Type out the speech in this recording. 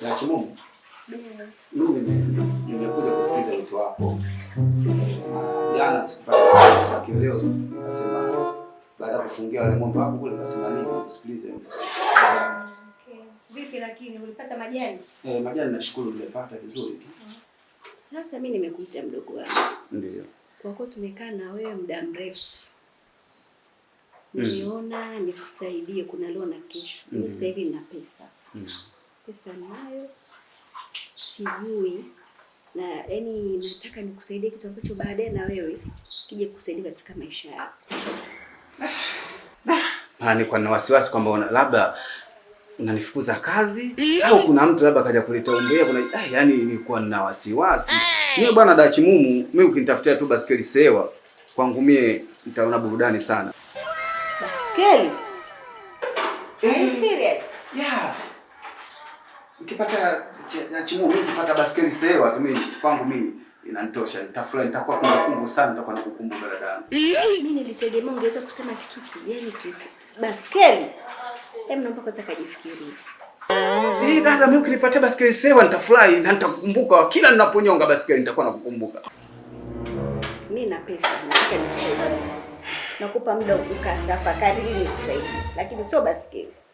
Na Kimungu. Mimi nimekuja kusikiza wito wako. Eh, jana sikupata leo nasema baada ya kufungia wale ng'ombe wako kule nasema nini kusikilize. Vipi lakini ulipata majani? Eh, majani nashukuru nimepata vizuri tu. Sasa mimi nimekuita mdogo wangu. Ndio. Kwa kuwa tumekaa na wewe muda mrefu. Mm. Niliona nikusaidie kuna leo na kesho. Mimi sasa mm. hivi nina pesa. Mm pesa ninayo, sijui na yani, nataka nikusaidie kitu ambacho baadaye na wewe kije kukusaidia katika maisha yako. Ah, ni kwa na wasiwasi kwamba labda unanifukuza kazi au kuna mtu labda kaja kulitaongea kuna ah, yani nilikuwa na wasiwasi mimi bwana Dachi Mumu, mimi ukinitafutia tu baskeli sewa kwangu mie nitaona burudani sana. Baskeli? Are you eh. serious? Yeah nikipata chimu mimi nikipata baskeli sewa watu mimi kwangu mimi inanitosha, nitafurahi, nitakuwa kumbukumbu sana, nitakuwa nakukumbuka dada. Mimi nilitegemea ungeweza kusema kitu kigeni kipi. Baskeli. Hebu naomba kwanza kajifikirie. Hii dada, mimi ukinipatia baskeli sewa nitafurahi na nitakukumbuka. Kila ninaponyonga baskeli nitakuwa nakukumbuka. Mimi na pesa, nataka nikusaidie. Nakupa muda ukatafakari ili nikusaidie. Lakini sio baskeli.